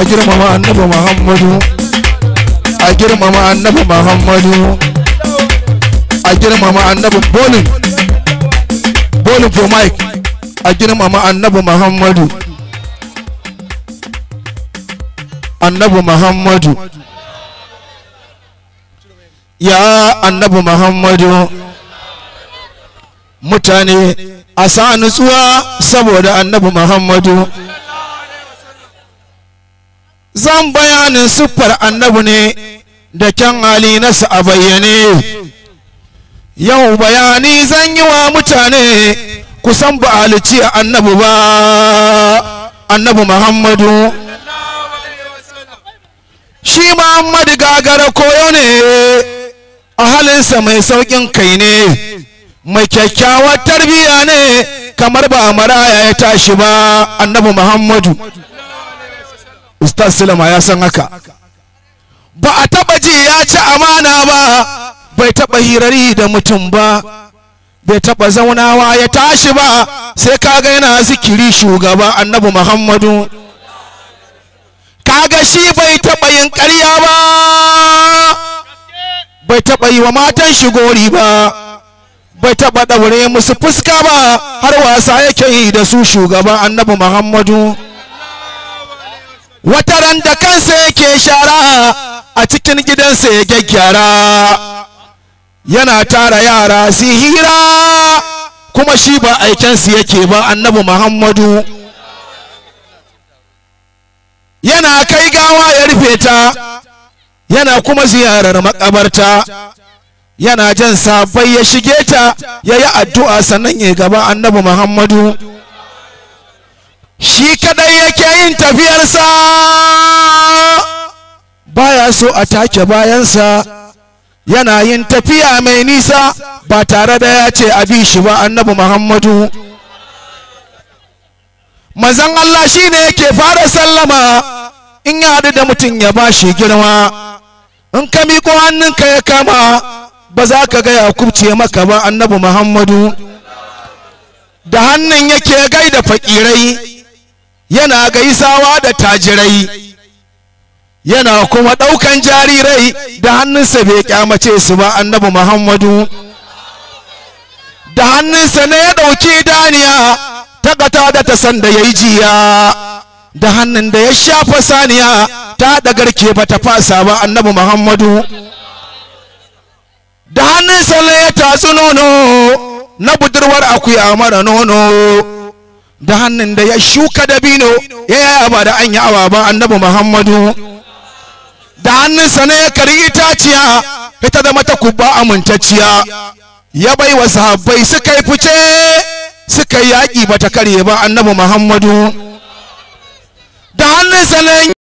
a girmama annabi muhammadu a girmama annabi muhammadu a girmama annabi bolin bolin for mike a girmama annabi muhammadu annabi muhammadu ya annabi muhammadu mutane a sa nutsuwa saboda annabi muhammadu zan bayanin siffar annabi ne da kyan hali su a bayyane yau bayani zan yi wa mutane kusan ba halici a annabi ba annabi muhammadu shi muhammadu gagara koyo ne a halinsa mai sauƙin kai ne mai kyakkyawar tarbiyya ne kamar ba maraya ya tashi ba annabi muhammadu ustaz silama ya san haka ba a taba ji ya ci amana ba bai taba hirari da mutum ba bai taba zaunawa ya tashi ba sai kaga yana zikiri shugaba annabi muhammadu kaga shi bai taba yin ƙarya ba bai taba yi wa matan shi gori ba bai taba daure musu fuska ba har wasa yake yi da su shugaban annabi muhammadu Wata ran da kansa yake shara a cikin gidansa ya gyaggyara yana tara yara su hira kuma shi ba aikensu yake ba annabi muhammadu yana kai gawa ya rufe ta yana kuma ziyarar makabarta yana jan sabai ya shige ta ya yi addu'a sannan ya gaba annabi muhammadu shi kadai yake yin tafiyarsa baya so a take bayansa yana yin tafiya mai nisa ba tare da ya ce a bi shi ba annabi muhammadu mazan Allah shi ne yake fara sallama in ya haɗu da mutum ya ba shi girma in ka miƙo hannunka ya kama ba za ka gaya kubce maka ba annabi muhammadu da hannun yake gaida faƙirai. yana gaisawa da tajirai yana kuma ɗaukan jarirai da hannunsa bai kyamace su ba annabi muhammadu da hannunsa ne ya ɗauki daniya ta kata da ta sanda ya yi jiya da hannun da ya shafa saniya ta da garke ba ta fasa ba annabi muhammadu da hannunsa ne ya tatsi nono na budurwar akuya mara nono da hannun da ya shuka dabino ya yi abu da an yi ba annabi muhammadu da hannunsa na ya kari itaciya ita da mata kubba amintacciya ya bai wa sahabbai suka yi fice suka yi yaƙi ba ta karye ba annabi muhammadu da hannunsa na